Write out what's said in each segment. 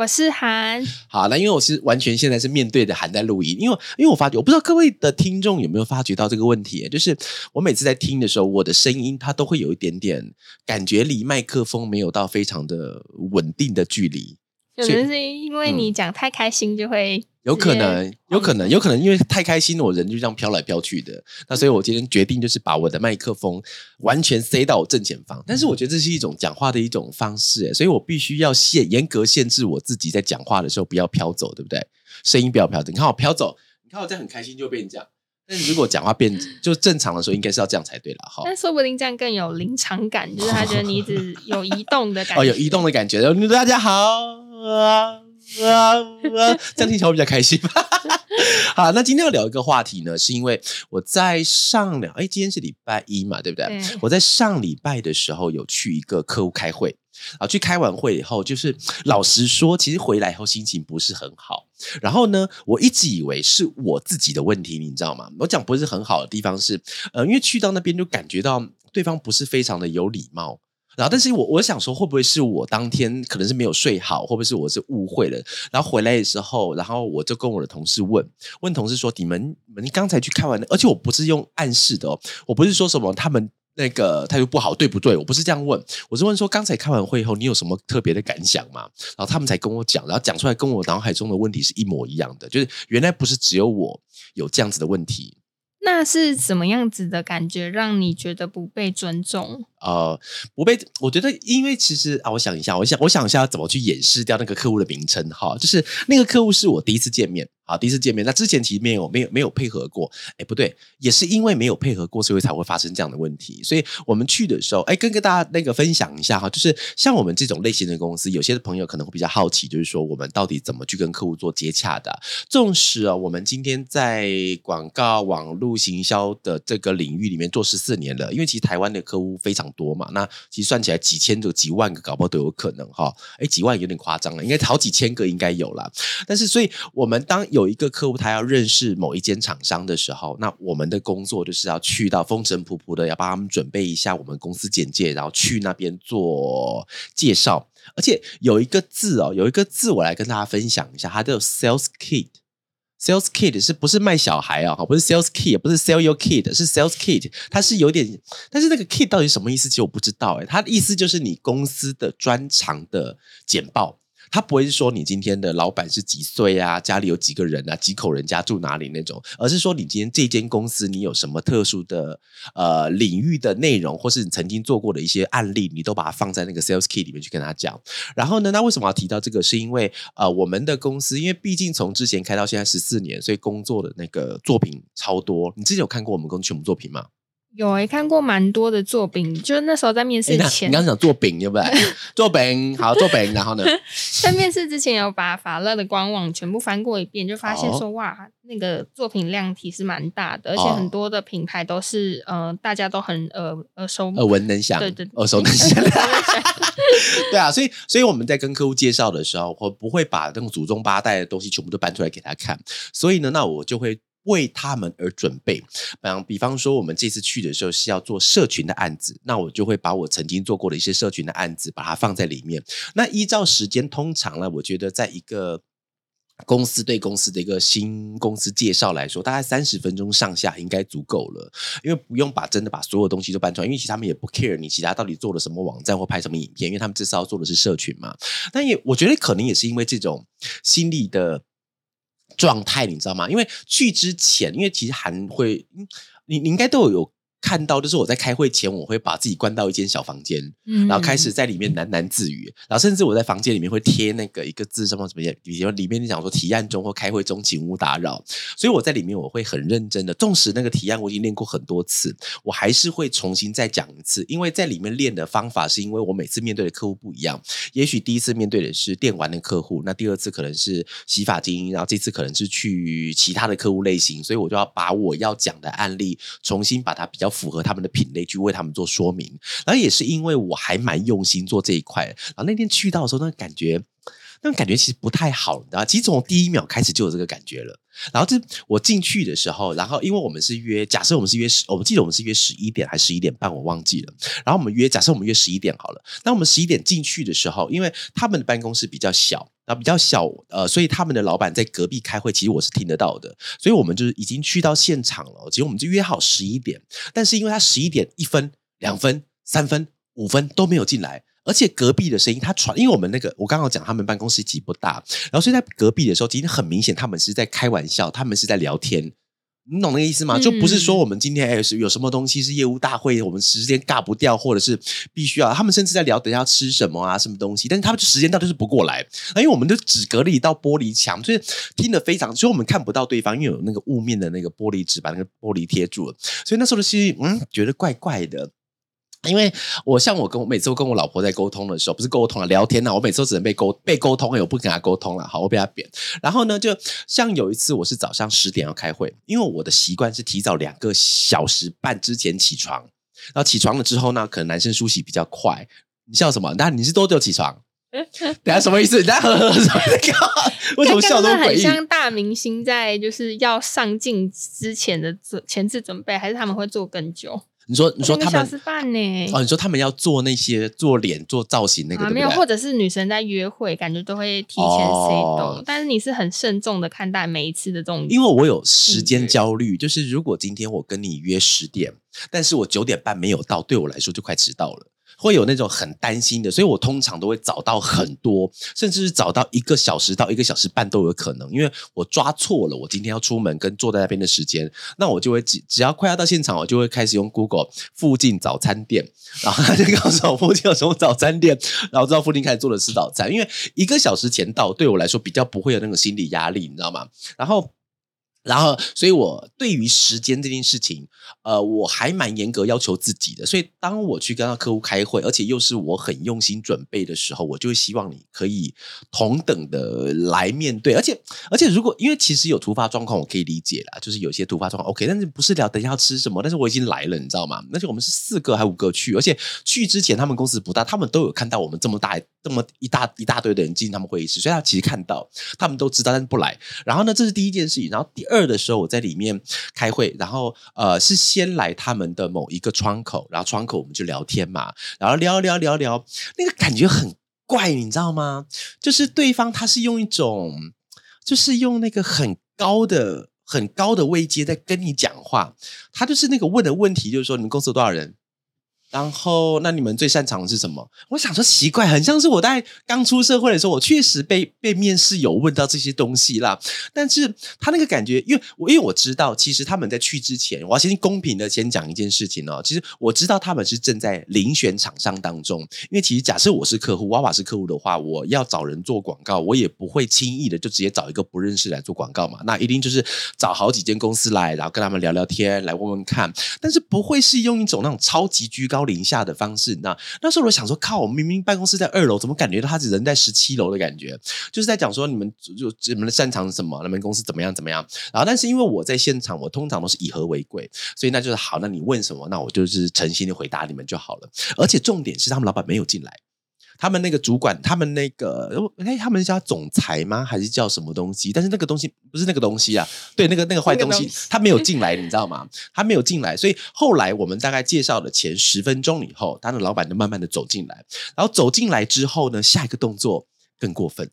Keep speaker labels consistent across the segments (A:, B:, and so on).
A: 我是韓，
B: 好，那因為我是完全現在是面對著韓在錄音，因為因為我發覺，我不知道各位的聽眾有沒有發覺到這個問題，就是我每次在聽的時候，我的聲音它都會有一點點感覺離麥克風沒有到非常的穩定的距離，
A: 有的是因為你講太開心就會、嗯。有可能，
B: 有可能，有可能，因為太開心，我人就這樣飄來飄去的。那所以我今天決定就是把我的麥克風完全塞到我正前方。但是我覺得這是一種講話的一種方式，欸，所以我必須要限嚴格限制我自己在講話的時候不要飄走，對不對？聲音不要飄走。你看我飄走，你看我這樣很開心就變這樣。但是如果講話變就正常的時候，應該是要這樣才對啦。好，但
A: 說不定這樣更有臨場感，就是他覺得你一直有
B: 移動的感覺。 哦，有移動的感覺。你大家好。
A: 啊這
B: 樣聽起來會比較開心。 好，那今天要聊一個話題呢，是因為我在上兩哎、欸，今天是禮拜一嘛，對不對、欸？我在上禮拜的時候有去一個客戶開會啊，去開完會以後，就是老實說，其實回來以後心情不是很好。然後呢，我一直以為是我自己的問題，你知道嗎？我講不是很好的地方是，呃，因為去到那邊就感覺到對方不是非常的有禮貌。然後，但是我我想說，會不會是我當天可能是沒有睡好，會不會是我是誤會了？然後回來的時候，然後我就跟我的同事問問同事說：“你們你們剛才去開完，而且我不是用暗示的哦，我不是說什麼他們那個態度不好，對不對？我不是這樣問，我是問說剛才開完會以後，你有什麼特別的感想嗎？”然後他們才跟我講，然後講出來跟我腦海中的問題是一模一樣的，就是原來不是只有我有這樣子的問題。
A: 那是什麼樣子的感覺，讓你覺得不被尊重？
B: 呃，我被我覺得，因為其實啊，我想一下，我想，我想一下怎麼去掩飾掉那個客戶的名稱哈，就是那個客戶是我第一次見面，啊，第一次見面，那之前其實沒有沒有沒有配合過，哎，不對，也是因為沒有配合過，所以才會發生這樣的問題。所以我們去的時候，哎，跟跟大家那個分享一下哈，就是像我們這種類型的公司，有些朋友可能會比較好奇，就是說我們到底怎麼去跟客戶做接洽的？縱使啊、哦，我們今天在廣告網絡行銷的這個領域裡面做十四年了，因為其實台灣的客戶非常多嘛。那其實算起來幾千個、幾萬個，搞不好都有可能哈。哎，幾萬有點誇張了，應該好幾千個應該有了。但是，所以我們當有一個客戶他要認識某一間廠商的時候，那我們的工作就是要去到風塵僕僕的，要幫他們準備一下我們公司簡介，然後去那邊做介紹。而且有一個字哦，有一個字，我來跟大家分享一下，它叫 sales kit。Sales kit 是不是賣小孩啊？不是 Sales kit，不是 Sell your kid，是 Sales kit，它是有點，但是那個 kit 到底什麼意思？其實我不知道，欸，誒它的意思就是你公司的專長的簡報。他不會是說你今天的老闆是幾歲啊，家裡有幾個人啊，幾口人家住哪裡那種，而是說你今天這間公司你有什麼特殊的呃領域的內容，或是你曾經做過的一些案例，你都把它放在那個 sales key 裡面去跟他講。然後呢，那為什麼要提到這個？是因為呃，我們的公司因為畢竟從之前開到現在十四年，所以工作的那個作品超多。你之前有看過我們公司全部作品嗎？
A: 有哎、欸，看過蠻多的作品，就是那時候在面試前，欸、你剛
B: 講作品對不對？作 品，好，作品，然後呢，
A: 在面試之前，有把法樂的官網全部翻過一遍，就發現說、Oh. 哇，那個作品量體是蠻大的，而且很多的品牌都是、Oh. 呃，大家都很呃呃耳耳聞能詳，對，對對，耳熟能詳。能
B: 對啊，所以所以我們在跟客戶介紹的時候，我不會把那種祖宗八代的東西全部都搬出來給他看，所以呢，那我就會。為他們而準備，比方說，我們這次去的時候是要做社群的案子，那我就會把我曾經做過的一些社群的案子把它放在裡面。那依照時間，通常呢，我覺得在一個公司對公司的一個新公司介紹來說，大概三十分鐘上下應該足夠了，因為不用把真的把所有東西都搬出來，因為其實他們也不 care 你其他到底做了什麼網站或拍什麼影片，因為他們這次要做的是社群嘛。但也我覺得可能也是因為這種心理的狀態你知道嗎？因為去之前，因為其實還會，嗯，你你應該都有。看到就是我在開會前，我會把自己關到一間小房間，嗯，然後開始在裡面喃喃自語，然後甚至我在房間裡面會貼那個一個字什麼什麼，比如裡面你想說提案中或開會中，請勿打擾。所以我在裡面我會很認真的，縱使那個提案我已經練過很多次，我還是會重新再講一次，因為在裡面練的方法是因為我每次面對的客戶不一樣，也許第一次面對的是電玩的客戶，那第二次可能是洗髮精，然後這次可能是去其他的客戶類型，所以我就要把我要講的案例重新把它比較。符合他們的品類去為他們做說明，然後也是因為我還蠻用心做這一塊，然後那天去到的時候，那感覺。那種感覺其實不太好，然後其實從第一秒開始就有這個感覺了。然後這我進去的時候，然後因為我們是約，假設我們是約十，我記得我們是約十一點還是十一點半，我忘記了。然後我們約，假設我們約十一點好了。那我們十一點進去的時候，因為他們的辦公室比較小，啊，比較小，呃，所以他們的老闆在隔壁開會，其實我是聽得到的。所以我們就是已經去到現場了，其實我們就約好十一點，但是因為他十一點一分、兩分、三分、五分都沒有進來。而且隔壁的聲音，他傳，因為我們那個，我剛剛講他們辦公室擠不大，然後所以在隔壁的時候，其實很明顯他們是在開玩笑，他們是在聊天，你懂那個意思嗎？就不是說我們今天、嗯欸、是有什麼東西是業務大會，我們時間尬不掉，或者是必須要，他們甚至在聊等一下要吃什麼啊什麼東西，但是他們就時間到底是不過來，因為我們就只隔了一道玻璃牆，所以聽得非常，所以我們看不到對方，因為有那個霧面的那個玻璃紙把那個玻璃貼住了，所以那時候的是嗯，覺得怪怪的。因為我像我跟我每次跟我老婆在溝通的時候，不是溝通啊，聊天吶、啊。我每次都只能被溝被溝通、欸，我不跟她溝通了、啊，好，我被她扁。然後呢，就像有一次，我是早上十點要開會，因為我的習慣是提早兩個小時半之前起床。然後起床了之後呢，可能男生梳洗比較快。你笑什麼？那你是多久起床？
A: 等下什麼意思？等下呵呵什麼意思，為什麼笑這麼詭異？剛剛很像大明星在就是要上鏡之前的準前次準備，還是他們會做更久？
B: 你說、哦，你說他們、那個
A: 小時半欸、哦，你
B: 說他們要做那些做臉做造型那個。沒、啊、有，或
A: 者是女生在約會，感覺都會提前 set、哦、但是你是很慎重的看待每一次的這種，因為我有
B: 時間焦慮，就是如果今天我跟你約十點，但是我九點半沒有到，對我來說就快遲到了。會有那種很擔心的，所以我通常都會早到很多，甚至是早到一個小時到一個小時半都有可能，因為我抓錯了，我今天要出門跟坐在那邊的時間，那我就會只只要快要到現場，我就會開始用 Google 附近早餐店，然後他就告訴我附近有什麼早餐店，然後知道附近開始坐著吃早餐，因為一個小時前到對我來說比較不會有那種心理壓力，你知道嗎？然後。然後，所以我對於時間這件事情，呃，我還蠻嚴格要求自己的。所以，當我去跟到客戶開會，而且又是我很用心準備的時候，我就希望你可以同等的來面對。而且，而且如果因為其實有突發狀況，我可以理解啦，就是有些突發狀況 OK。但是不是聊等一下要吃什麼？但是我已經來了，你知道嗎？而且我們是四個還五個去，而且去之前他們公司不大，他們都有看到我們這麼大這麼一大一大，一大堆的人進他們會議室，所以他其實看到，他們都知道，但是不來。然後呢，這是第一件事情。然後第二。二的時候，我在裡面開會，然後呃，是先來他們的某一個窗口，然後窗口我們就聊天嘛，然後聊聊聊聊，那個感覺很怪，你知道嗎？就是對方他是用一種，就是用那個很高的、很高的位階在跟你講話，他就是那個問的問題，就是說你們公司有多少人？然後，那你們最擅長的是什麼？我想說，奇怪，很像是我在剛出社會的時候，我確實被被面試有問到這些東西啦。但是他那個感覺，因為我因為我知道，其實他們在去之前，我要先公平的先講一件事情哦。其實我知道他們是正在遴選廠商當中，因為其實假設我是客戶，娃娃是客戶的話，我要找人做廣告，我也不會輕易的就直接找一個不認識來做廣告嘛。那一定就是找好幾間公司來，然後跟他們聊聊天，來問問看，但是不會是用一種那種超級居高。高臨下的方式，那那時候我想說，靠，我明明辦公室在二樓，怎麼感覺到他是人在十七樓的感覺？就是在講說你們就你們的擅長什麼，你們公司怎麼樣怎麼樣。然後，但是因為我在現場，我通常都是以和為貴，所以那就是好。那你問什麼，那我就是誠心的回答你們就好了。而且重點是，他們老板沒有進來。他們那個主管，他們那個，哎、欸，他們是叫他總裁嗎？還是叫什麼東西？但是那個東西不是那個東西啊， 對，那個那個壞東西，那個東西，他沒有進來，你知道嗎？他沒有進來，所以後來我們大概介紹了前十分鐘以後，他的老板就慢慢的走進來，然後走進來之後呢，下一個動作更過分。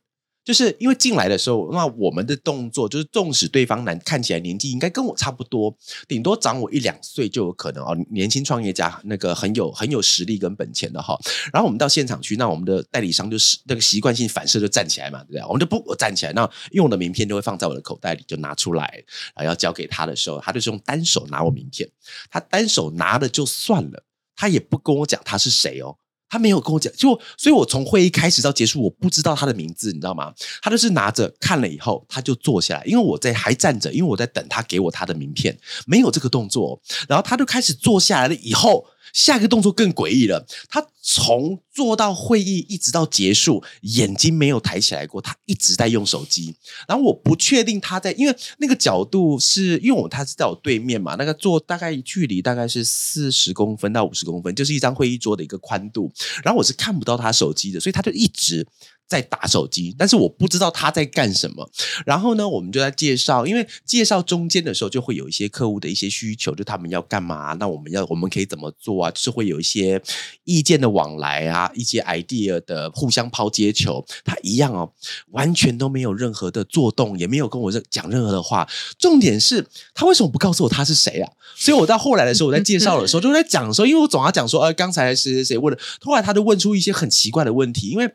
B: 就是因為進來的時候，那我們的動作就是，縱使對方男看起來年紀應該跟我差不多，頂多長我一兩歲就有可能哦。年輕創業家，那個很有很有實力跟本錢的哈。然後我們到現場去，那我們的代理商就是那個習慣性反射就站起來嘛，對不對？我們就不我站起來，那用的名片就會放在我的口袋裡，就拿出來然後要交給他的時候，他就是用單手拿我名片，他單手拿了就算了，他也不跟我講他是誰哦。他沒有跟我講，就所以，我從會議開始到結束，我不知道他的名字，你知道嗎？他就是拿着看了以後，他就坐下來，因為我在還站着，因為我在等他給我他的名片，沒有這個動作，然後他就開始坐下來了以後。下一個動作更詭異了，他從坐到會議一直到結束，眼睛沒有抬起來過，他一直在用手機。然後我不確定他在，因為那個角度是因為我他是在我對面嘛，那個坐大概距離大概是四十公分到五十公分，就是一張會議桌的一個寬度。然後我是看不到他手機的，所以他就一直。在打手機，但是我不知道他在幹什麼。然後呢，我們就在介紹，因為介紹中間的時候，就會有一些客戶的一些需求，就他們要幹嘛？那我們要，我們可以怎麼做啊？就是會有一些意見的往來啊，一些 idea 的互相拋接球。他一樣哦，完全都沒有任何的作動，也沒有跟我任講任何的話。重點是他為什麼不告訴我他是誰啊？所以我到後來的時候， 我在介紹的時候，就在講的時候，因為我總要講說，呃、啊，剛才誰誰誰問了，突然他就問出一些很奇怪的問題，因為。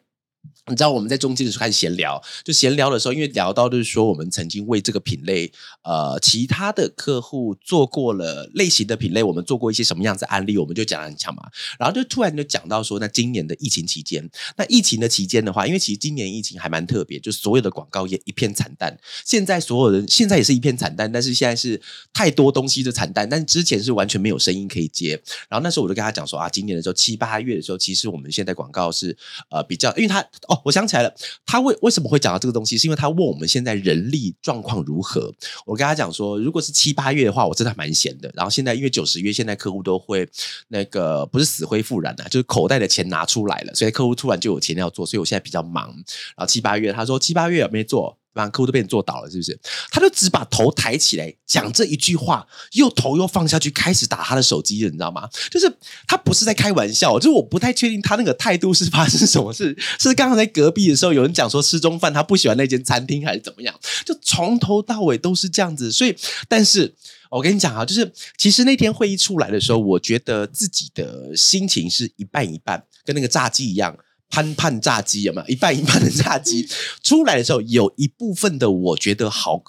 B: 你知道我們在中間的時候開始閒聊，就閒聊的時候，因為聊到就是說我們曾經為這個品類，呃，其他的客戶做過了類型的品類，我們做過一些什麼樣子的案例，我們就講很強嘛。然後就突然就講到說，那今年的疫情期間，那疫情的期間的話，因為其實今年疫情還蠻特別，就所有的廣告，也一片慘淡。現在所有人現在也是一片慘淡，但是現在是太多東西的慘淡，但是之前是完全沒有聲音可以接。然後那時候我就跟他講說啊，今年的時候七八月的時候，其實我們現在廣告是呃，比較，因為他哦。我想起來了，他為為什麼會講到這個東西，是因為他問我們現在人力狀況如何。我跟他講說，如果是七八月的話，我真的蠻閒的。然後現在因為九十月，現在客戶都會那個不是死灰復燃啊，就是口袋的錢拿出來了，所以客戶突然就有錢要做，所以我現在比較忙。然後七八月，他說七八月有沒有做？然後客戶都被你做倒了，是不是？他就只把頭抬起來講這一句話，又頭又放下去開始打他的手機了，你知道嗎？就是他不是在開玩笑，就是我不太確定他那個態度是發生什麼事。是剛剛在隔壁的時候有人講說吃中飯他不喜歡那間餐廳還是怎麼樣？就從頭到尾都是這樣子。所以，但是我跟你講啊，就是其實那天會議出來的時候，我覺得自己的心情是一半一半，跟那個炸雞一樣。攤盼炸雞有沒有？一半一半的炸雞出來的時候，有一部分的我覺得好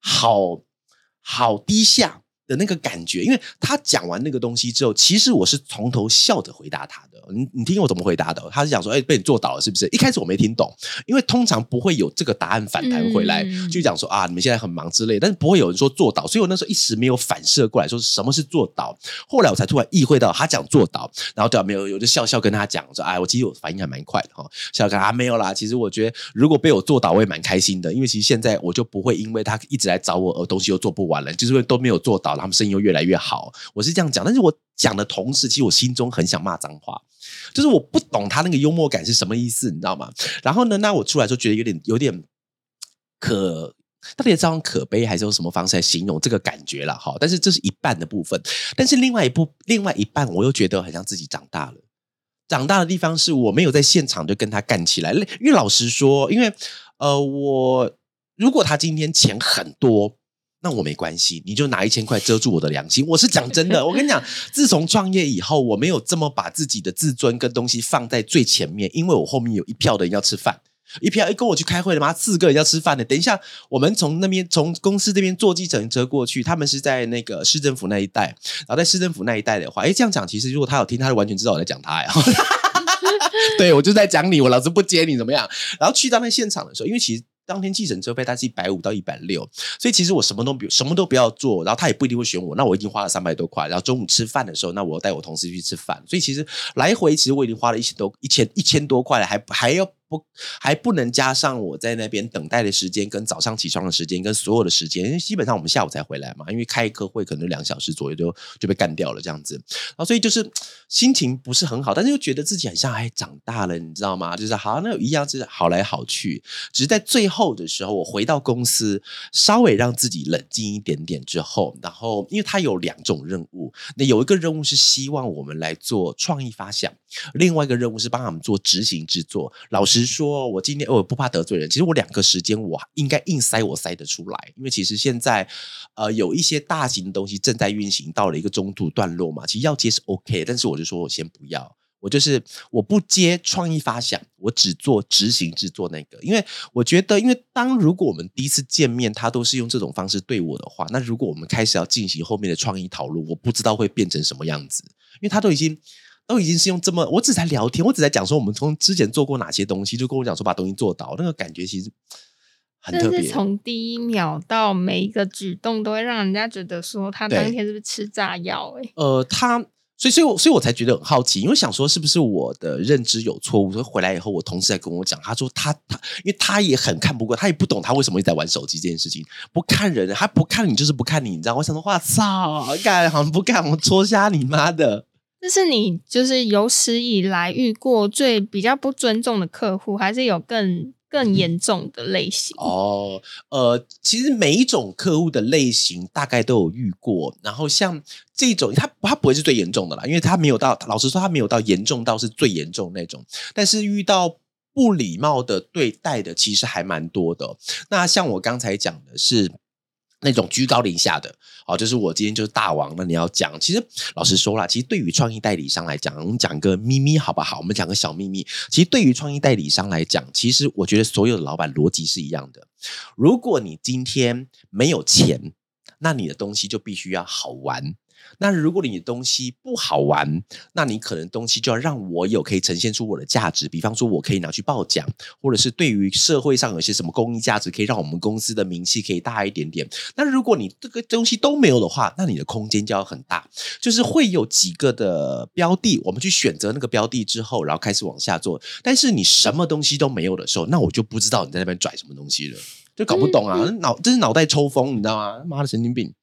B: 好好低下。的那個感覺，因為他講完那個東西之後，其實我是從頭笑着回答他的。你你聽我怎麼回答的？他是講說：“哎、欸，被你做倒了是不是？”一開始我沒聽懂，因為通常不會有這個答案反彈回來，嗯、就講說：“啊，你們現在很忙之類。”但是不會有人說做倒，所以我那時候一時沒有反射過來，說什麼是做倒。後來我才突然意會到他講做倒，然後對啊，沒有，我就笑笑跟他講說：“哎，我其實我反應還蠻快的哈。”笑笑跟他啊，沒有啦，其實我覺得如果被我做倒，我也蠻開心的，因為其實現在我就不會因為他一直來找我而東西又做不完了，就是因為都沒有做倒了。”他們生意又越來越好，我是這樣講。但是我講的同時，其實我心中很想罵髒話，就是我不懂他那個幽默感是什麼意思，你知道嗎？然後呢，那我出來就覺得有點，有點可，到底用可悲還是用什麼方式來形容這個感覺了？哈，但是這是一半的部分。但是另外一部，另外一半，我又覺得好像自己長大了。長大的地方是，我沒有在現場就跟他幹起來。因為老實說，因為呃，我如果他今天錢很多。那我沒關係，你就拿一千塊遮住我的良心。我是講真的，我跟你講，自從創業以後，我沒有這麼把自己的自尊跟東西放在最前面，因為我後面有一票的人要吃飯，一票哎，跟我去開會了嘛，四個人要吃飯的，等一下我們從那邊從公司這邊坐計程車過去，他們是在那個市政府那一帶，然後在市政府那一帶的話，哎、欸，這樣講其實如果他有聽，他是完全知道我在講他呀。 對，我就在講你，我老子不接你怎麼樣？然後去到那現場的時候，因為其實。當天計程車費，它是一百五到一百六，所以其實我什麼都比什麼都不要做，然後他也不一定會選我，那我已經花了三百多塊。然後中午吃飯的時候，那我帶我同事去吃飯，所以其實來回其實我已經花了一千多、一千一千多塊了，還還要。不，還不能加上我在那邊等待的時間，跟早上起床的時間，跟所有的時間。因為基本上我們下午才回來嘛，因為開一個會可能兩小時左右就就被幹掉了這樣子。然、啊、後所以就是心情不是很好，但是又覺得自己很像哎長大了，你知道嗎？就是好像、啊、那有一樣就是好來好去，只是在最後的時候我回到公司，稍微讓自己冷靜一點點之後，然後因為他有兩種任務，那有一個任務是希望我們來做創意發想，另外一個任務是幫他們做執行製作，老師。說，我今天我不怕得罪人。其實我兩個時間我應該硬塞，我塞得出來。因為其實現在，呃，有一些大型東西正在運行，到了一個中途段落嘛。其實要接是 OK，但是我就說我先不要，我就是我不接創意發想，我只做執行制作那個。因為我覺得，因為當如果我們第一次見面，他都是用這種方式對我的話，那如果我們開始要進行後面的創意討論，我不知道會變成什麼樣子。因為他都已經。都已經是用這麼，我只在聊天，我只在講說我們從之前做過哪些東西，就跟我講說把東西做到，那個感覺其實很特別。就是從
A: 第一秒到每一個舉動，都會讓人家覺得說他當天是不是吃炸藥、欸？哎，
B: 呃，他，所以，所以，所以我，所以我才覺得很好奇，因為想說是不是我的認知有錯誤？所以回來以後，我同事在跟我講，他說他他，因為他也很看不過，他也不懂他為什麼會一直在玩手機這件事情，不看人，他不看你就是不看你，你知道？我想說，哇，操，好幹，好像不幹，我戳瞎你媽的！
A: 這是你就是有史以來遇過最比較不尊重的客戶，還是有更更嚴重的類型？嗯，
B: 哦，呃，其實每一種客戶的類型大概都有遇過。然後像這種，他他不會是最嚴重的啦，因為他沒有到，老實說，他沒有到嚴重到是最嚴重那種。但是遇到不禮貌的對待的，其實還蠻多的。那像我剛才講的是。那種居高臨下的，好、哦，就是我今天就是大王，那你要講。其實老實說啦，其實對於創意代理商來講，我們講個秘密好不好？我們講個小秘密。其實對於創意代理商來講，其實我覺得所有的老闆邏輯是一樣的。如果你今天沒有錢，那你的東西就必須要好玩。那如果你的東西不好玩，那你可能東西就要讓我有可以呈現出我的價值。比方說，我可以拿去報獎，或者是對於社會上有些什麼公益價值，可以讓我們公司的名氣可以大一點點。那如果你這個東西都沒有的話，那你的空間就要很大。就是會有幾個的標的，我們去選擇那個標的之後，然後開始往下做。但是你什麼東西都沒有的時候，那我就不知道你在那邊拽什麼東西了，就搞不懂啊！嗯、腦這是腦袋抽風，你知道嗎？媽的神經病！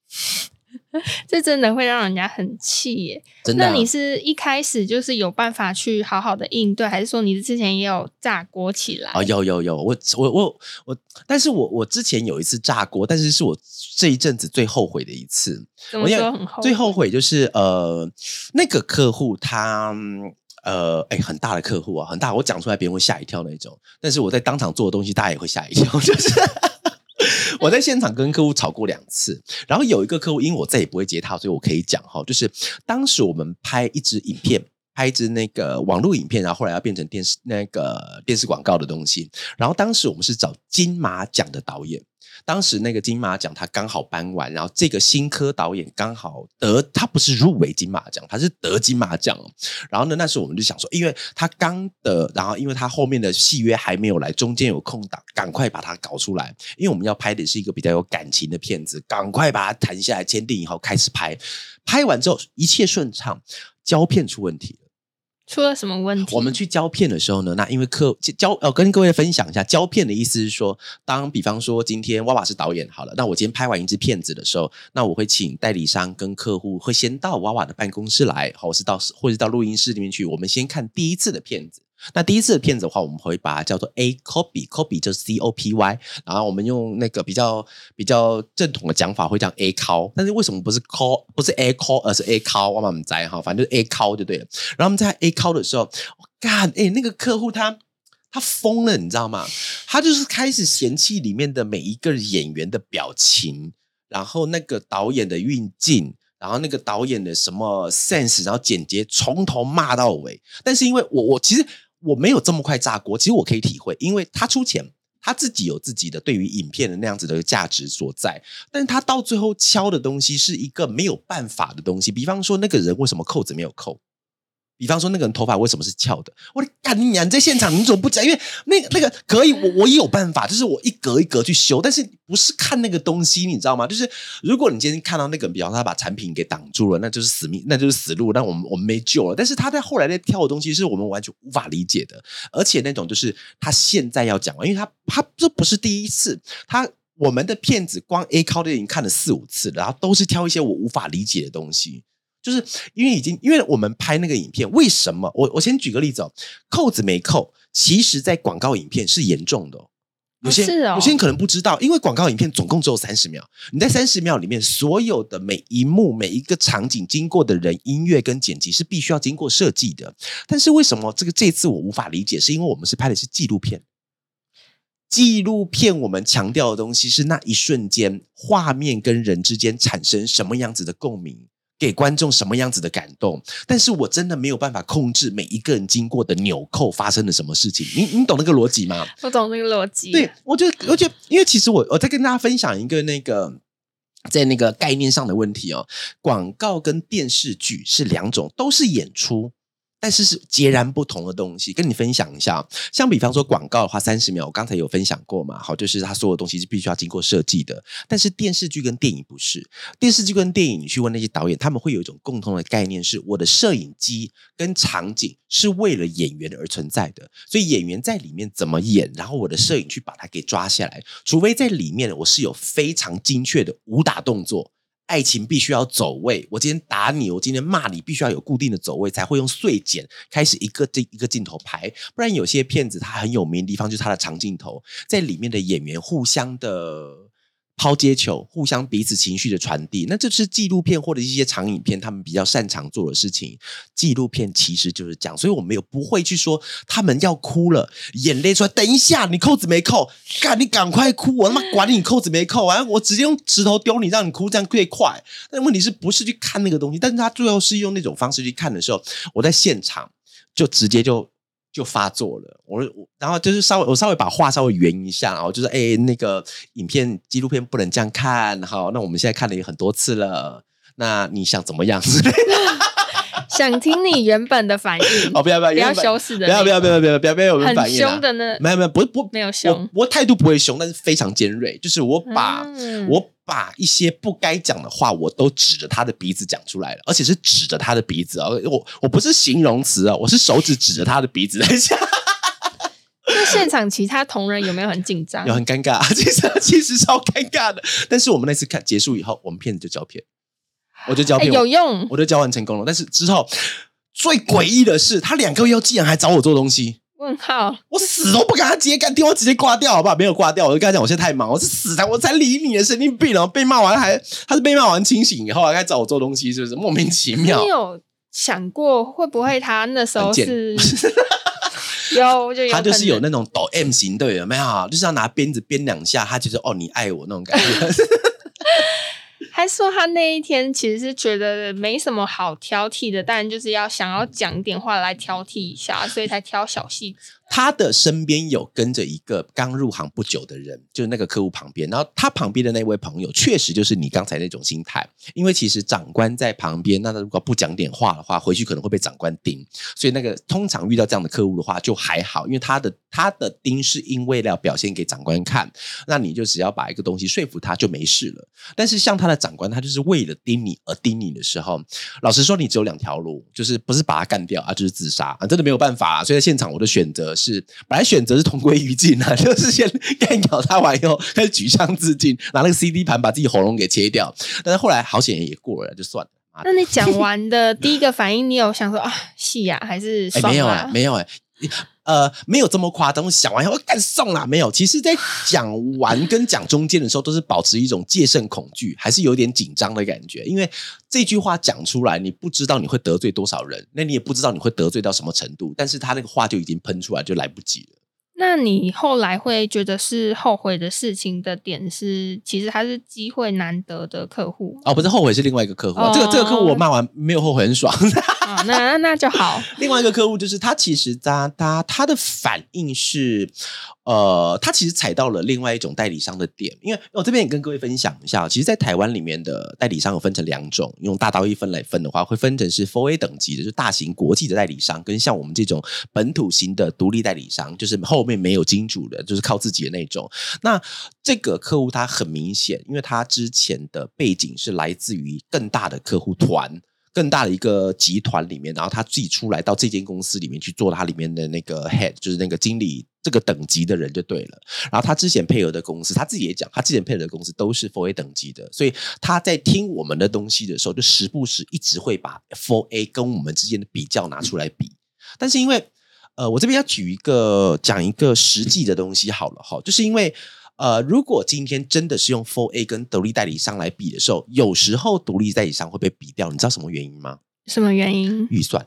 A: 這真的會讓人家很氣耶、真的啊！那你是一開始就是有辦法去好好的應對，還是說你之前也有炸鍋起來？
B: 啊、哦，有有有，我我我我，但是我我之前有一次炸鍋，但是是我這一陣子最後悔的一次，怎麼說很後悔？我最後悔就是呃，那個客戶他呃，哎、欸，很大的客戶啊，很大，我講出來別人會嚇一跳那種，但是我在當場做的東西，大家也會嚇一跳，就是。 我在現場跟客戶吵過兩次，然後有一個客戶，因為我再也不會接他，所以我可以講哈，就是當時我們拍一支影片，拍一支那個網絡影片，然後後來要變成電視，那個電視廣告的東西，然後當時我們是找金馬獎的導演。當時那個金馬獎他剛好頒完，然後這個新科導演剛好得，他不是入圍金馬獎，他是得金馬獎。然後呢，那時候我們就想說，因為他剛得，然後因為他後面的戲約還沒有來，中間有空檔，趕快把它搞出來，因為我們要拍的是一個比較有感情的片子，趕快把它談下來、簽訂以後開始拍。拍完之後一切順暢，膠片出問題了。出了什麼問題？我們去交片的時候呢，那因為客交，呃，跟各位分享一下交片的意思是說，當比方說今天娃娃是導演，好了，那我今天拍完一支片子的時候，那我會請代理商跟客戶會先到娃娃的辦公室來，或是到或者到錄音室裡面去，我們先看第一次的片子。那第一次的片子的話，我們會把它叫做 A copy，copy copy 就是 C O P Y，然後我們用那個比較比較正統的講法會叫 A call，但是為什麼不是 call 不是 A call 而是 A call，我慢慢摘哈，反正就是 A call 就對了。然後我們在 A call 的時候，我、哦、幹哎、欸、那個客戶他他瘋了你知道嗎？他就是開始嫌棄裡面的每一個演員的表情，然後那個導演的運鏡，然後那個導演的什麼 sense，然後剪輯從頭罵到尾。但是因為我我其實。我沒有這麼快炸鍋，其實我可以體會，因為他出錢，他自己有自己的對於影片的那樣子的價值所在，但是他到最後敲的東西是一個沒有辦法的東西，比方說那個人為什麼扣子沒有扣？比方說，那個人頭髮為什麼是翹的？我的天啊，你在現場你怎麼不講？因為那那個可以，我我也有辦法，就是我一格一格去修。但是不是看那個東西，你知道嗎？就是如果你今天看到那個人，比方說他把產品給擋住了，那就是死命，那就是死路。那我們我們沒救了。但是他在後來在挑的東西，是我們完全無法理解的。而且那種就是他現在要講完，因為他他這不是第一次，他我們的片子光 A copy 已經看了四五次了，然後都是挑一些我無法理解的東西。就是因為已經，因為我們拍那個影片，為什麼我我先舉個例子哦，釦子沒扣，其實，在廣告影片是嚴重的哦。有些有些人可能不知道，因為廣告影片總共只有三十秒，你在三十秒裡面所有的每一幕、每一個場景經過的人、音樂跟剪輯是必須要經過設計的。但是為什麼這個這次我無法理解？是因為我們是拍的是紀錄片，紀錄片我們強調的東西是那一瞬間畫面跟人之間產生什麼樣子的共鳴。給觀眾什麼樣子的感動？但是我真的沒有辦法控制每一個人經過的紐扣發生了什麼事情。你你懂那個邏輯嗎？我
A: 懂那個邏輯啊。對，我覺得，
B: 我覺得，因為其實我我在跟大家分享一個那個在那個概念上的問題哦，廣告跟電視劇是兩種，都是演出。但是是截然不同的東西，跟你分享一下。像比方說廣告的話，三十秒我剛才有分享過嘛，好，就是它所有東西是必須要經過設計的。但是電視劇跟電影不是，電視劇跟電影，你去問那些導演，他們會有一種共同的概念是，是我的攝影機跟場景是為了演員而存在的，所以演員在裡面怎麼演，然後我的攝影去把它給抓下來。除非在裡面我是有非常精確的武打動作。愛情必須要走位。我今天打你，我今天罵你，必須要有固定的走位，才會用碎剪開始一個這一個鏡頭拍。不然有些片子，它很有名的地方就是它的長鏡頭，在裡面的演員互相的拋接球，互相彼此情緒的傳遞，那這是紀錄片或者一些長影片，他們比較擅長做的事情。紀錄片其實就是這樣，所以我們有不會去說他們要哭了，眼淚出來，等一下你釦子沒扣，幹你趕快哭，我他媽管你，你釦子沒扣完、啊，我直接用石頭丟你，讓你哭，這樣最快，快。但問題是不是去看那個東西？但是他最後是用那種方式去看的時候，我在現場就直接就。就發作了，我我然後就是稍微我稍微把話稍微圓一下啊，就是哎、欸、那個影片紀錄片不能這樣看。好，那我們現在看了也很多次了，那你想怎麼樣是不
A: 是？ 想聽你原本的反應？哦不要
B: 不要不要修飾的，不要不要不要不要不要沒有反應的，沒有沒有不不沒有，沒有，沒有，沒有，沒有凶
A: 沒有沒有我，
B: 我態度不會凶，但是非常尖銳，就是我把、啊、我。把一些不該講的話，我都指着他的鼻子講出來了，而且是指着他的鼻子啊！我我不是形容詞啊、喔，我是手指指着他的鼻子在講。
A: 那現場其他同仁有沒有很緊張？有很
B: 尷尬，其實其實超尷尬的。但是我們那次看結束以後，我們片子就交片，我就交片、欸、有用，我就交換成功了。但是之後最詭異的是，他兩個月後竟然還找我做東西。
A: 問號，我死
B: 都不敢他直接幹，敢丟我直接掛掉，好不好？沒有掛掉，我就跟他講，我現在太忙，我是死才我才理你的神經病！然後被罵完還，他是被罵完清醒以後還來找我做東西，是不是莫名其妙？你
A: 有想過會不會他那時候是？ 有，就有他就是有那
B: 種抖 M 型對，有沒有？就是要拿鞭子鞭兩下，他就是哦，你愛我那種感覺。
A: 還說他那一天其實是覺得沒什麼好挑剔的，但就是要想要講一點話來挑剔一下，所以才挑小細節。
B: 他的身邊有跟着一個剛入行不久的人，就是那個客戶旁邊。然後他旁邊的那位朋友，確實就是你剛才那種心態。因為其實長官在旁邊，那他如果不講點話的話，回去可能會被長官盯。所以那個通常遇到這樣的客戶的話，就還好，因為他的他的盯是因為要表現給長官看。那你就只要把一個東西說服他就沒事了。但是像他的長官，他就是為了盯你而盯你的時候，老實說，你只有兩條路，就是不是把他幹掉啊，就是自殺啊，真的沒有辦法啊。所以在現場我的選擇。是，本來選擇是同歸於盡啊，就是先幹咬他完以後，開始舉槍自盡，拿那個 CD 盤把自己喉嚨給切掉。但是後來好險也過了，就算了。那你講
A: 完的 第一個反應，你有想說啊，戲呀、啊，還是、什麼啊，欸、沒有啊，沒
B: 有哎、啊。呃，沒有這麼誇張。我想完以後我始送啦，沒有。其實，在講完跟講中間的時候，都是保持一種戒慎恐懼，還是有點緊張的感覺。因為這句話講出來，你不知道你會得罪多少人，那你也不知道你會得罪到什麼程度。但是他那個話就已經噴出來，就來不及了。
A: 那你後來會覺得是後悔的事情的點是，其實他是機會難得的客戶
B: 哦，不是後悔，是另外一個客戶。啊呃，這個這個客戶我罵完，沒有後悔，很爽。 哦，
A: 那那就好。另外一個客戶就是他其
B: 實他他他的反應是，呃，他其實踩到了另外一種代理商的點，因為我這邊也跟各位分享一下，其實，在台灣裡面的代理商有分成兩種，用大刀一分來分的話，會分成是 Four A 等級的，就是大型國際的代理商，跟像我們這種本土型的獨立代理商，就是後面沒有金主的，就是靠自己的那種。那這個客戶他很明顯，因為他之前的背景是來自於更大的客戶團、更大的一個集團裡面，然後他自己出來到這間公司裡面去做他裡面的那個 head，就是那個經理這個等級的人就對了。然後他之前配合的公司，他自己也講，他之前配合的公司都是 Four A 等級的，所以他在聽我們的東西的時候，就時不時一直會把 Four A 跟我們之間的比較拿出來比，嗯，但是因為。呃，我這邊要舉一個講一個實際的東西好了哈，就是因為，呃，如果今天真的是用 4A 跟獨立代理商來比的時候，有時候獨立代理商會被比掉，你知道什麼原因嗎？
A: 什麼原因？預算。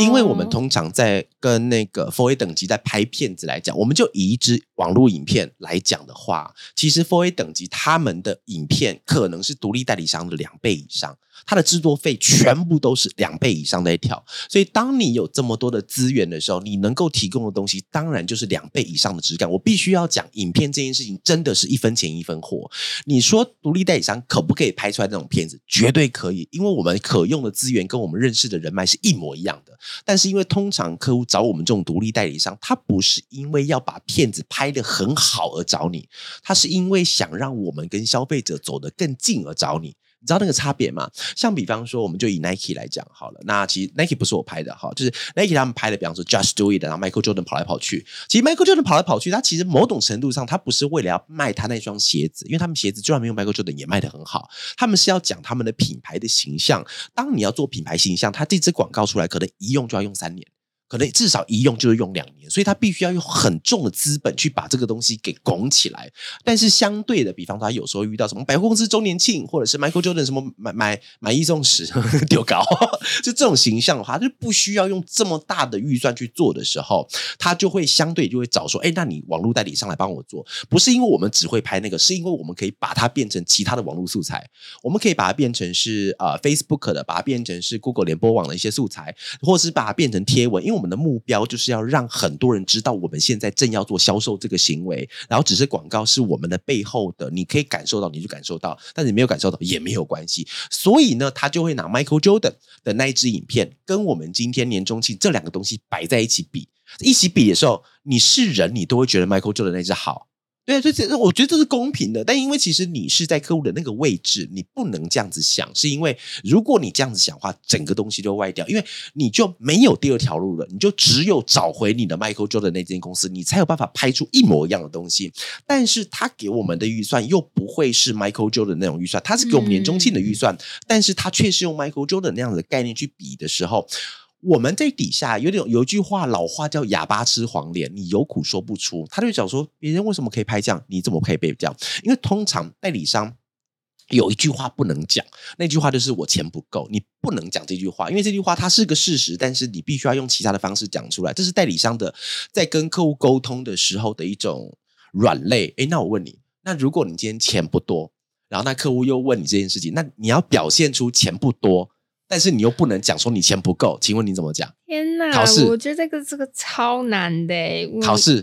A: 因為我們通
B: 常在跟那個 4A 等級在拍片子來講，我們就以一支網絡影片來講的話，其實 4A 等級他們的影片可能是獨立代理商的兩倍以上，它的制作費全部都是兩倍以上在跳。所以當你有這麼多的資源的時候，你能夠提供的東西當然就是兩倍以上的質感。我必須要講，影片這件事情真的是一分錢一分貨。你說獨立代理商可不可以拍出來這種片子？絕對可以，因為我們可用的資源跟我們認識的人脈是一模一樣。但是因為通常客戶找我們這種獨立代理商，他不是因為要把片子拍得很好而找你，他是因為想讓我們跟消費者走得更近而找你。你知道那個差別嗎？像比方說，我們就以 Nike 來講好了。那其實 Nike 不是我拍的哈，就是 Nike 他們拍的。比方說，Just Do It，然後 Michael Jordan 跑來跑去。其實 Michael Jordan 跑來跑去，他其實某種程度上，他不是為了要賣他那雙鞋子，因為他們鞋子就算沒有 Michael Jordan 也賣得很好。他們是要講他們的品牌的形象。當你要做品牌形象，他這支廣告出來，可能一用就要用三年。可能至少一用就是用兩年，所以他必須要用很重的資本去把這個東西給拱起來。但是相對的，比方說他有時候遇到什麼百貨公司週年慶，或者是 Michael Jordan 什麼買買買一送十，丟高，就這種形象的話，就是、不需要用這麼大的預算去做的時候，他就會相對就會找說，哎、欸，那你網絡代理上來幫我做，不是因為我們只會拍那個，是因為我們可以把它變成其他的網絡素材，我們可以把它變成是呃 Facebook 的，把它變成是 Google 聯播網的一些素材，或者是把它變成貼文，因為我。我們的目標就是要讓很多人知道我們現在正要做銷售這個行為，然後只是廣告是我們的背後的，你可以感受到，你就感受到，但是你沒有感受到也沒有關係。所以呢，他就會拿 Michael Jordan 的那一支影片跟我們今天年中慶這兩個東西擺在一起比，一起比的時候，你是人你都會覺得 Michael Jordan 那支好。對所以這我覺得這是公平的，但因為其實你是在客戶的那個位置，你不能這樣子想，是因為如果你這樣子想的話，整個東西就歪掉，因為你就沒有第二條路了，你就只有找回你的 Michael Jordan 的那間公司，你才有辦法拍出一模一樣的東西。但是他給我們的預算又不會是 Michael Jordan 的那種預算，他是給我們年終慶的預算，嗯、但是他卻是用 Michael Jordan 的那樣的概念去比的時候。我們在底下有點有一句話，老話叫“啞巴吃黃連”，你有苦說不出。他就想說，別人為什麼可以拍這樣，你怎麼可以被這樣？因為通常代理商有一句話不能講，那句話就是“我錢不夠”，你不能講這句話，因為這句話它是個事實，但是你必須要用其他的方式講出來。這是代理商的在跟客戶溝通的時候的一種軟肋。誒，那我問你，那如果你今天錢不多，然後那客戶又問你這件事情，那你要表現出錢不多。但是你又不能講說你錢不夠，請問你怎麼講？
A: 天哪、啊！考試，我覺得這個這個超難的。考試，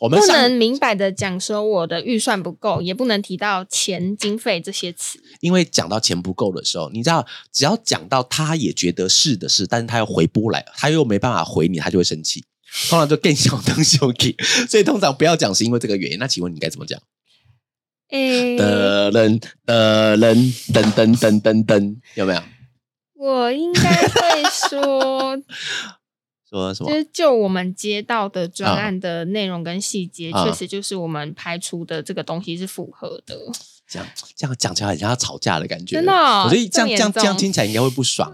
B: 我們不能
A: 明擺的講說我的預算不夠，也不能提到錢、經費這些詞。
B: 因為講到錢不夠的時候，你知道，只要講到他也覺得是的是，但是他又回不來，他又沒辦法回你，他就會生氣。通常就更想當兄弟，所以通常不要講是因為這個原因。那請問你該怎麼講？
A: 哎、欸，噔
B: 噔噔噔噔噔噔，有沒有？
A: 我
B: 應該會說， 說什麼？就，是，
A: 就我們接到的專案的內容跟細節，確實就是我們拍出的這個東西是符合的。嗯嗯、
B: 這樣這樣講起來好像要吵架的感覺，真的、哦。我覺得這樣這樣這樣聽起來應該會不爽。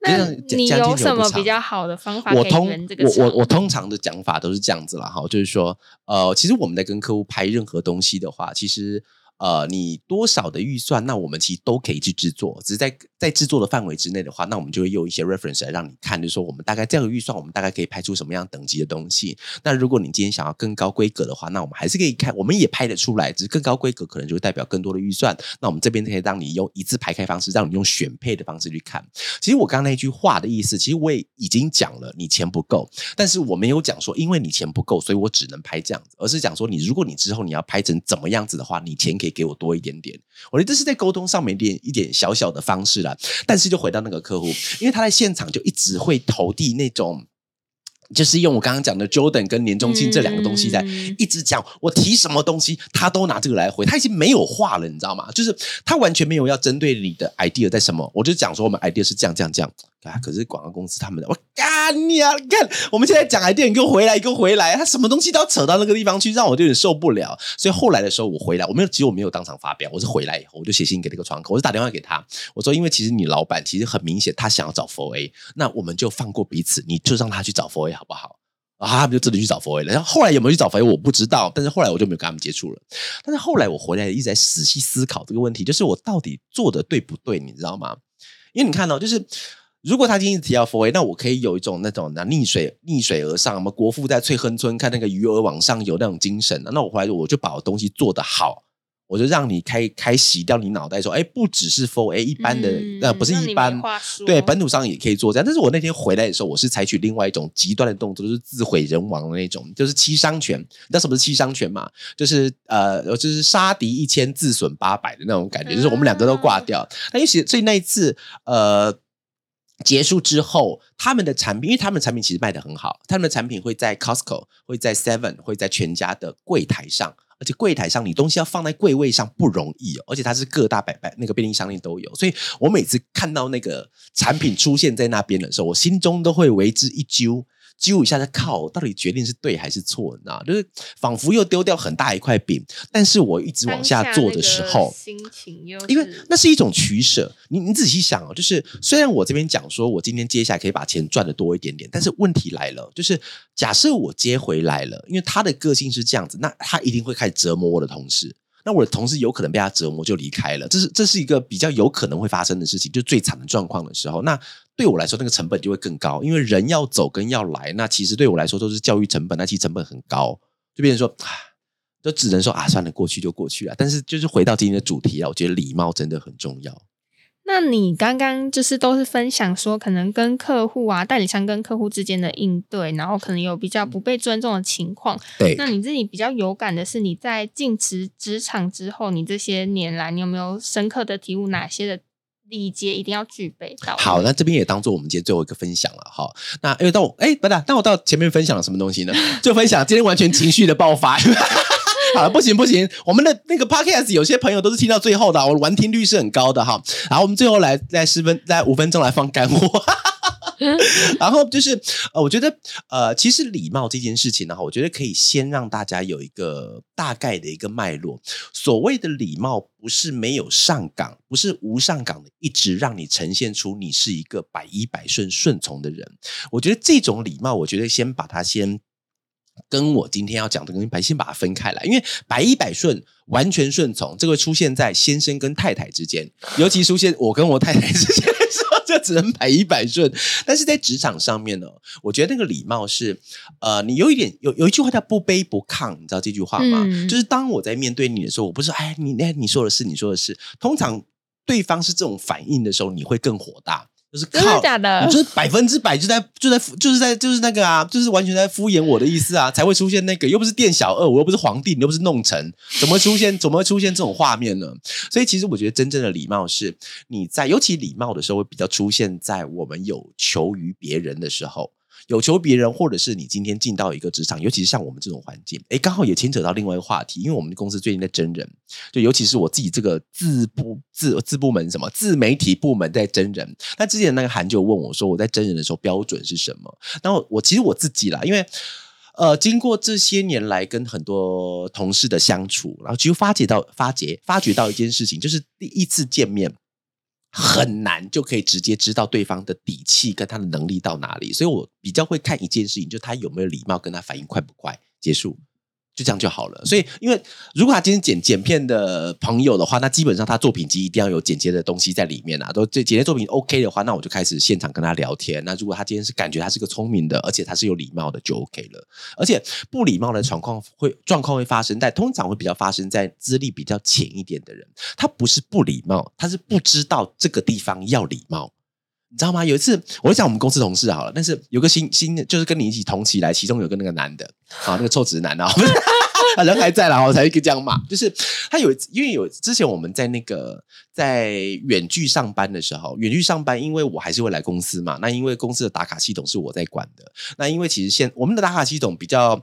B: 那你，爽你有什麼比較
A: 好的方法跟人這個的？我通我我
B: 我通常的講法都是這樣子了哈，就是說，呃，其實我們在跟客戶拍任何東西的話，其實。呃，你多少的預算？那我們其實都可以去製作，只是在在製作的範圍之內的話，那我們就會用一些 reference 來讓你看，就是說我們大概這樣的預算，我們大概可以拍出什麼樣等級的東西。那如果你今天想要更高規格的話，那我們還是可以看，我們也拍得出來，只是更高規格可能就代表更多的預算。那我們這邊可以讓你用一字排開方式，讓你用選配的方式去看。其實我剛剛那句話的意思，其實我也已經講了，你錢不夠，但是我沒有講說因為你錢不夠，所以我只能拍這樣子，而是講說你如果你之後你要拍成怎麼樣子的話，你錢可以。給我多一點點，我覺得這是在溝通上面一點一點小小的方式啦。但是就回到那個客戶，因為他在現場就一直會投遞那種，就是用我剛剛講的 Jordan 跟年終金這兩個東西在、嗯、一直講。我提什麼東西，他都拿這個來回，他已經沒有話了，你知道嗎？就是他完全沒有要針對你的 idea 在什麼。我就講說，我們 idea 是這樣這樣這樣。這樣可是廣告公司他們的，我幹你啊！幹我們現在講來電，你給我回來，你給我回來，他什麼東西都要扯到那個地方去，讓我有點受不了。所以後來的時候，我回來，我沒有，其實我沒有當場發表，我是回來以後，我就寫信給那個窗口，我就打電話給他，我說，因為其實你老板其實很明顯，他想要找 4A，那我們就放過彼此，你就讓他去找 4A 好不好？啊，他們就真的去找 4A 了。然後後來有沒有去找 4A，我不知道。但是後來我就沒有跟他們接觸了。但是後來我回來一直在仔細思考這個問題，就是我到底做的對不對，你知道嗎？因為你看到、哦、就是。如果他今天提到 4A，那我可以有一種那種那逆水逆水而上麼，國父在翠亨村看那個魚兒往上游那種精神，那我回來我就把我東西做得好，我就讓你開開洗掉你腦袋說，哎、欸，不只是 4A 一般的，那、嗯啊、不是一般，對本土商也可以做這樣。但是我那天回來的時候，我是採取另外一種極端的動作，就是自毀人亡的那種，就是七傷拳。你知道什麼是七傷拳嘛？就是呃，就是殺敵一千自損八百的那種感覺，嗯啊、就是我們兩個都掛掉。那也許，所以那一次，呃。結束之後，他們的產品，因為他們的產品其實賣得很好，他們的產品會在 Costco，會在 Seven，會在全家的櫃台上，而且櫃台上你東西要放在櫃位上不容易哦，而且它是各大百百那個便利商店都有，所以我每次看到那個產品出現在那邊的時候，我心中都會為之一揪。揪一下再靠，到底決定是對還是錯呢？就是仿佛又丟掉很大一塊餅，但是我一直往下做的時候，
A: 因為
B: 那是一種取捨。你你仔細想哦、喔，就是雖然我這邊講說我今天接下來可以把錢賺得多一點點，但是問題來了，就是假設我接回來了，因為他的個性是這樣子，那他一定會開始折磨我的同事。那我的同事有可能被他折磨，我就離開了，這是這是一個比較有可能會發生的事情，就最慘的狀況的時候。那對我來說，那個成本就會更高，因為人要走跟要來，那其實對我來說都是教育成本，那其實成本很高。就變成說，啊，就只能說啊，算了，過去就過去了。但是就是回到今天的主題啊，我覺得禮貌真的很重要。
A: 那你剛剛就是都是分享說，可能跟客戶啊、代理商跟客戶之間的應對，然後可能有比較不被尊重的情況。對。那你自己比較有感的是，你在進職職場之後，你這些年來，你有沒有深刻的體悟哪些的禮節一定要具備到？好，
B: 那這邊也當做我們今天最後一個分享了哈。那因為當我哎不大但我到前面分享了什麼東西呢？就 分享今天完全情緒的爆發。 好了，不行不行，我們的那個 podcast 有些朋友都是聽到最後的，我完聽率是很高的哈。然後我們最後來，在十分，在五分鐘來放乾貨， 然後就是呃，我覺得呃，其實禮貌這件事情的話，啊，我覺得可以先讓大家有一個大概的一個脈絡。所謂的禮貌，不是沒有上綱，不是無上綱的，一直讓你呈現出你是一個百依百順、順從的人。我覺得這種禮貌，我覺得先把它先。跟我今天要講的跟百姓先把它分開來，因為百依百順、完全順從，這個出現在先生跟太太之間，尤其出現我跟我太太之間的時候，就只能百依百順。但是在職場上面呢、哦，我覺得那個禮貌是，呃，你有一點有有一句話叫“不卑不亢”，你知道這句話嗎、嗯？就是當我在面對你的時候，我不是說哎，你那你說的是你說的是，通常對方是這種反應的時候，你會更火大。就是靠真的假的，就是百分之百就在就在就是在就是那個啊，就是完全在敷衍我的意思啊，才會出現那個，又不是店小二，我又不是皇帝，你又不是弄臣，怎麼會出現怎麼會出現這種畫面呢？所以其實我覺得真正的禮貌是你在，尤其禮貌的時候會比較出現在我們有求於別人的時候。有求別人，或者是你今天進到一個職場，尤其是像我們這種環境，哎，剛好也牽扯到另外一個話題，因為我們公司最近在徵人，就尤其是我自己這個自部自自部門什麼自媒體部門在徵人。那之前那個韓就問我說，我在徵人的時候標準是什麼？然後我其實我自己啦，因為呃，經過這些年來跟很多同事的相處，然後其實發覺到發覺發覺到一件事情，就是第一次見面。很難就可以直接知道對方的底氣跟他的能力到哪裡，所以我比較會看一件事情，就他有沒有禮貌跟他反應快不快，結束。就這樣就好了。所以，因為如果他今天剪剪片的朋友的話，那基本上他作品集一定要有剪接的東西在裡面啊。都這剪接作品 OK 的話，那我就開始現場跟他聊天。那如果他今天是感覺他是個聰明的，而且他是有禮貌的，就 OK 了。而且不禮貌的狀況會狀況會發生，但通常會比較發生在資歷比較淺一點的人。他不是不禮貌，他是不知道這個地方要禮貌。你知道嗎？有一次，我講我們公司同事好了，但是有個新新的，就是跟你一起同期來，其中有個那個男的啊，那個臭直男啊， 人還在了，啊，我才可以這樣罵。就是他有因為有之前我們在那個在遠距上班的時候，遠距上班，因為我還是會來公司嘛。那因為公司的打卡系統是我在管的，那因為其實現我們的打卡系統比較。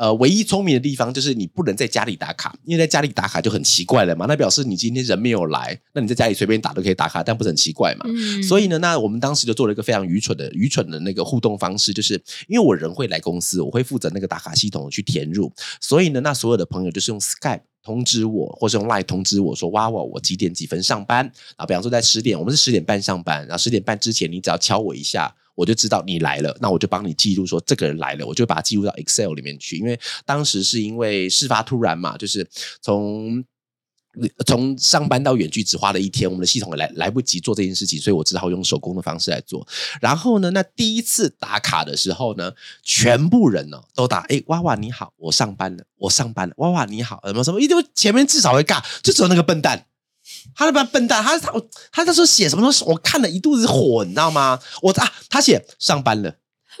B: 呃，唯一聰明的地方就是你不能在家裡打卡，因為在家裡打卡就很奇怪了嘛。那表示你今天人沒有來，那你在家裡隨便打都可以打卡，但不是很奇怪嘛。嗯、所以呢，那我們當時就做了一個非常愚蠢的、愚蠢的那個互動方式，就是因為我人會來公司，我會負責那個打卡系統去填入。所以呢，那所有的朋友就是用 Skype 通知我，或是用 Line 通知我說哇哇，我幾點幾分上班啊。然後比方說在十點，我們是十點半上班，然後十點半之前你只要敲我一下。我就知道你來了，那我就幫你記錄說這個人來了，我就把它記錄到 Excel 裡面去。因為當時是因為事發突然嘛，就是從從上班到遠距只花了一天，我們的系統來來不及做這件事情，所以我只好用手工的方式來做。然後呢，那第一次打卡的時候呢，全部人呢都打，誒，哇哇，你好，我上班了，我上班了，哇哇，你好，什麼什麼，一定會前面至少會尬，就只有那個笨蛋。他那幫笨蛋，他他他那時候寫什麼東西，我看了一肚子火，你知道嗎？我啊，他寫上班
A: 了，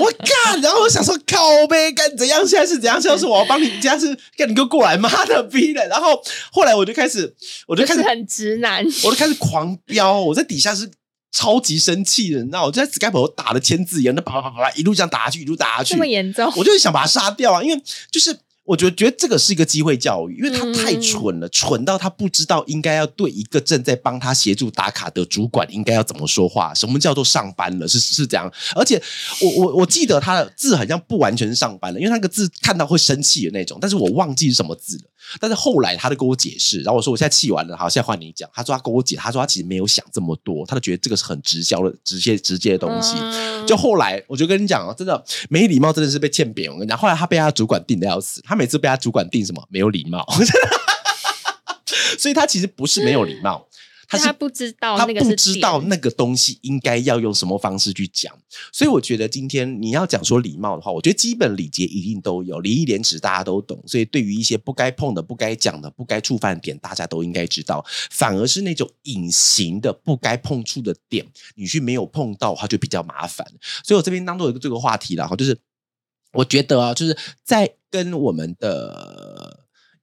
A: 我靠！然後
B: 我想說，靠唄，該怎樣？現在是怎樣？就是我要幫你，現在是叫你給我過來，媽的逼的！然後後來我就開始，我就開始、就是、很直男，我就開始狂飆。我在底下是超級生氣的，你知道我就在 Skype 我打了千字一樣的，啪啪啪啪一路這樣打下去，一路打下去，這麼嚴重？我就是想把他殺掉啊，因為就是。我覺得覺得這個是一個機會教育，因
A: 為他太蠢
B: 了，蠢到他不知道應該要對一個正在幫他協助打卡的主管應該要怎麼說話，什麼叫做上班了，是是這樣，而且我我我記得他的字好像不完全上班了，因為那個字看到會生氣的那種，但是我忘記是什麼字了。但是後來他就跟我解釋，然後我說我現在氣完了，好，現在換你講。他說他跟我解，他說他其實沒有想這麼多，他就覺得這個是很直銷的、直接、直接的東西。就後來，我就跟你講哦，真的沒禮貌，真的是被欠扁。我跟你講，後來他被他主管定得要死，他每次被他主管定什麼沒有禮貌， 所以他其實不是沒有禮貌。嗯
A: 他，他不知道那個是，他不知道
B: 那個東西應該要用什麼方式去講，所以我覺得今天你要講說禮貌的話，我覺得基本禮節一定都有，禮義廉恥大家都懂，所以對於一些不該碰的、不該講的、不該觸犯的點，大家都應該知道。反而是那種隱形的不該碰觸的點，你去沒有碰到，他就比較麻煩。所以我這邊當做一個這個話題了哈，就是我覺得啊，就是在跟我們的。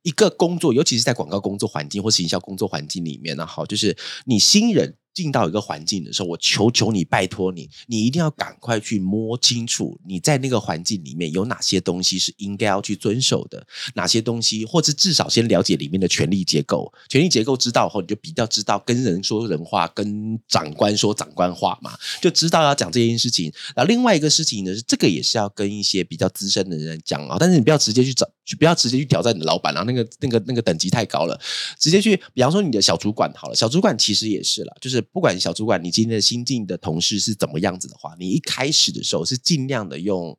B: 一個工作，尤其是在廣告工作環境或是行銷工作環境裡面呢，好，就是你新人。進到一個環境的時候，我求求你，拜托你，你一定要趕快去摸清楚，你在那個環境裡面有哪些東西是應該要去遵守的，哪些東西，或是至少先了解裡面的權力結構。權力結構知道後，你就比較知道跟人說人話，跟長官說長官話嘛，就知道要講這件事情。然後另外一個事情呢，是這個也是要跟一些比較資深的人講啊，但是你不要直接去找，去不要直接去挑戰你的老闆，然後那個那個那個等級太高了，直接去，比方說你的小主管好了，小主管其實也是啦，就是。不管小主管，你今天新進的同事是怎麼樣子的話，你一開始的時候是盡量的用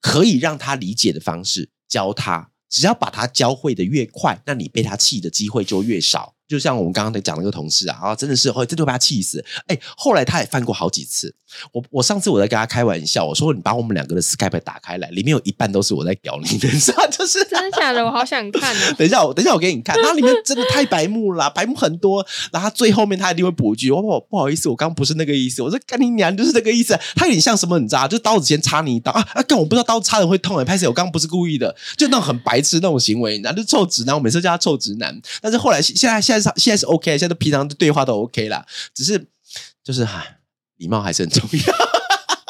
B: 可以讓他理解的方式教他，只要把他教會的越快，那你被他氣的機會就越少。就像我們剛剛在講那個同事啊，然、啊、後真的是會真的把他氣死。哎、欸，後來他也犯過好幾次。我我上次我在跟他開玩笑，我說你把我們兩個的 Skype 打開來，裡面有一半都是我在屌你，你知道？就是
A: 真的假的？ 我好想看、喔。
B: 等一下，我等一下我給你看。然後裡面真的太白目了啦， 白目很多。然後最後面他一定會補一句：我不好意思，我剛不是那個意思。我說幹你娘就是這個意思。他有點像什麼很渣？就刀子先插你一刀啊！啊，幹我不知道刀子插的會痛的、欸。拍謝，我剛不是故意的，就那種很白痴那種行為，然後就臭直男？我每次叫他臭直男。但是後來現在現在現在是 OK，現在平常的對話都 OK 啦，只是就是哈，禮貌還是很重要。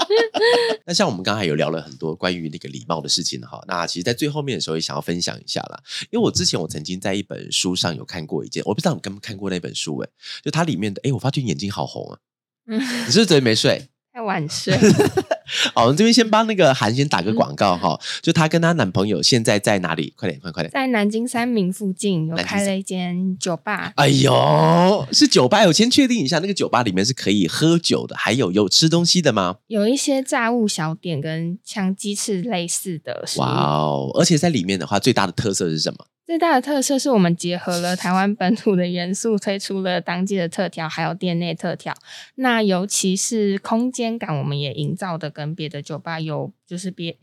B: 那像我們剛才有聊了很多關於那個禮貌的事情哈，那其實，在最後面的時候也想要分享一下啦。因為我之前我曾經在一本書上有看過一件，我不知道你看沒看過那本書哎、欸，就它裡面的哎、欸，我發覺你眼睛好紅啊， 你
A: 是不是
B: 昨天沒睡？
A: 太晚睡。
B: 好、哦，我們這邊先幫那個韓先打個廣告哈、嗯，就她跟她男朋友現在在哪裡？快點，快點快點，
A: 在南京三明附近有開了一間酒吧。哎呦，
B: 是酒吧？我先確定一下，那個酒吧裡面是可以喝酒的，還有有吃東西的嗎？
A: 有一些炸物小點，跟像雞翅類似的。哇
B: 哦！而且在裡面的話，最大的特色是什麼？
A: 最大的特色是我們結合了台灣本土的元素，推出了當季的特調，還有店內特調。那尤其是空間感，我們也營造的跟別的酒吧有就是別。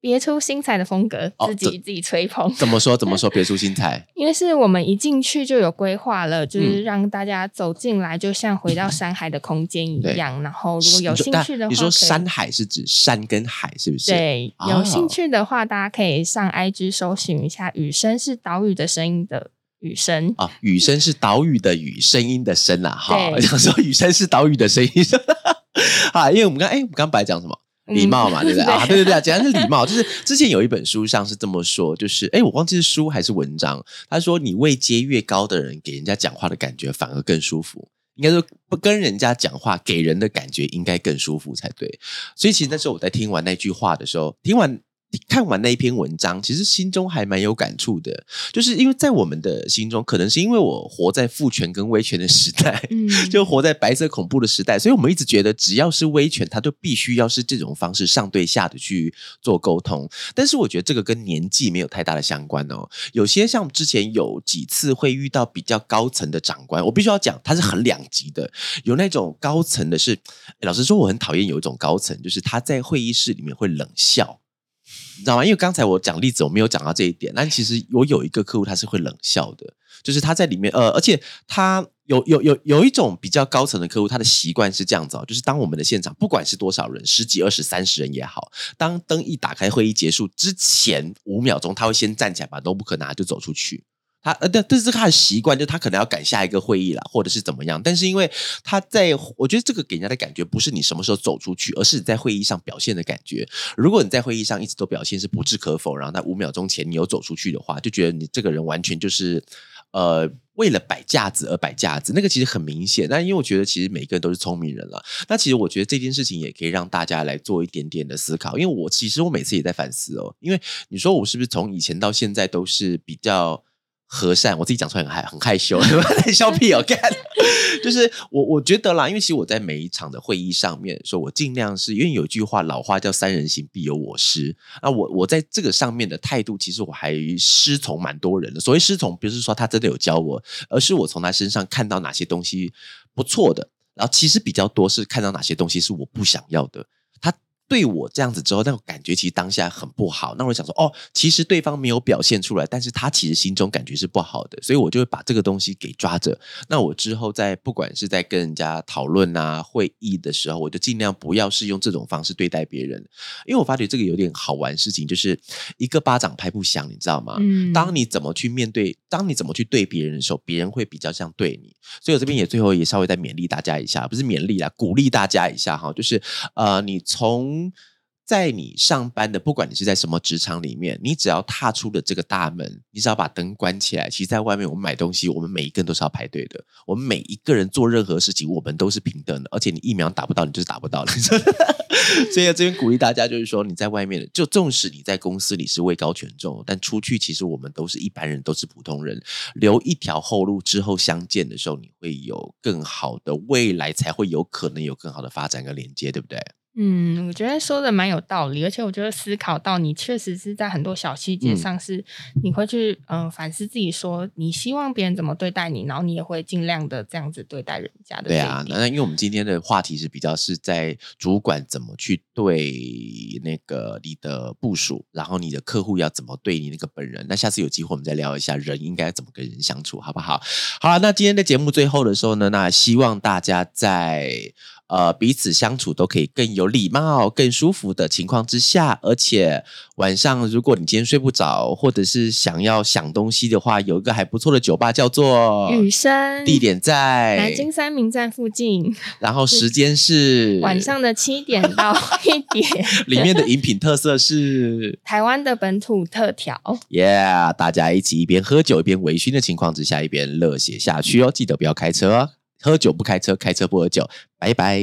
A: 別出心裁的風格，自己、哦、自己吹捧。怎麼
B: 說？怎麼說？別出心裁。
A: 因為是我們一進去就有規劃了、嗯，就是讓大家走進來，就像回到山海的空間一樣、嗯。然後如果有興趣的話，話，你說山
B: 海是指山跟海是不是？對，哦、有興趣
A: 的話，好好大家可以上 IG 搜尋一下“雨聲是島嶼的聲音”的雨聲啊。
B: 雨聲是島嶼的雨，聲音的聲啊。哈，好，我想說雨聲是島嶼的聲音。啊， 因為我們剛哎、欸，我們剛白講什麼？禮貌嘛，對不對啊？對對對啊，簡單是禮貌。就是之前有一本書上是這麼說，就是哎，我忘記是書還是文章，他說，你位階越高的人，給人家講話的感覺反而更舒服。應該說，不跟人家講話給人的感覺應該更舒服才對。所以其實那時候我在聽完那句話的時候，聽完。你看完那一篇文章，其實心中還蠻有感觸的，就是因為在我們的心中，可能是因為我活在父權跟威權的時代，嗯，就活在白色恐怖的時代，所以，我們一直覺得只要是威權，它都必須要是這種方式上對下的去做溝通。但是，我覺得這個跟年紀沒有太大的相關哦。有些像之前有幾次會遇到比較高層的長官，我必須要講，他是很兩極的。有那種高層的是，老實說，我很討厭有一種高層，就是他在會議室裡面會冷笑。你知道嗎？因為剛才我講例子，我沒有講到這一點。但其實我有一個客戶，他是會冷笑的，就是他在裡面呃，而且他有有有有一種比較高層的客戶，他的習慣是這樣子哦，就是當我們的現場不管是多少人，十幾、二十、三十人也好，當燈一打開，會議結束之前五秒鐘，他會先站起來，把 n 不可拿就走出去。啊，對，這是他的習慣，就他可能要趕下一個會議啦，或者是怎麼樣。但是因為他在，我覺得這個給人家的感覺不是你什麼時候走出去，而是你在會議上表現的感覺。如果你在會議上一直都表現是不置可否，然後在五秒鐘前你有走出去的話，就覺得你這個人完全就是呃為了擺架子而擺架子。那個其實很明顯。但因為我覺得其實每個人都是聰明人了。那其實我覺得這件事情也可以讓大家來做一點點的思考。因為我其實我每次也在反思哦，因為你說我是不是從以前到現在都是比較。和善，我自己講出來很害很害羞，很， 笑屁哦。看，就是我我覺得啦，因為其實我在每一場的會議上面，說我儘量是，因為有一句話，老話叫三人行必有我師。那、啊、我我在這個上面的態度，其實我還師從蠻多人的。所謂師從，不是說他真的有教我，而是我從他身上看到哪些東西不錯的，然後其實比較多是看到哪些東西是我不想要的。對我這樣子之後，那種感覺其實當下很不好。那我想說，哦，其實對方沒有表現出來，但是他其實心中感覺是不好的，所以我就會把這個東西給抓着。那我之後在不管是在跟人家討論啊、會議的時候，我就盡量不要是用這種方式對待別人，因為我發覺這個有點好玩事情，就是一個巴掌拍不響，你知道嗎？嗯。當你怎麼去面對，當你怎麼去對別人的時候，別人會比較像對你。所以我這邊也最後也稍微再勉勵大家一下，不是勉勵啦，鼓勵大家一下哈，就是呃，你從。在你上班的，不管你是在什麼職場裡面，你只要踏出了這個大門，你只要把燈關起來。其實，在外面我們買東西，我們每一個人都是要排隊的。我們每一個人做任何事情，我們都是平等的。而且你疫苗打不到，你就是打不到的。 所以我這邊鼓勵大家，就是說你在外面，就縱使你在公司裡是位高權重，但出去其實我們都是一般人，都是普通人。留一條後路，之後相見的時候，你會有更好的未來，才會有可能有更好的發展跟連接，對不對？
A: 嗯，我覺得說的蠻有道理，而且我覺得思考到你確實是在很多小細節上，是你會去嗯反思，呃、自己說，說你希望別人怎麼對待你，然後你也會盡量的這樣子對待人家的。對啊，
B: 那因為我們今天的話題是比較是在主管怎麼去對那個你的部屬，然後你的客戶要怎麼對你那個本人。那下次有機會我們再聊一下人應該怎麼跟人相處，好不好？好了，那今天的節目最後的時候呢，那希望大家在。呃，彼此相處都可以更有禮貌、更舒服的情況之下，而且晚上如果你今天睡不着，或者是想要想東西的話，有一個還不錯的酒吧叫做雨聲，地點在南京
A: 三民站附近，
B: 然後時間是晚
A: 上的七點到一點，裡面的
B: 飲品特色是
A: 台灣的本土特調
B: ，Yeah，大家一起一邊喝酒一邊微醺的情況之下，一邊樂血下去哦，記得不要開車哦。喝酒不開車，開車不喝酒，拜拜。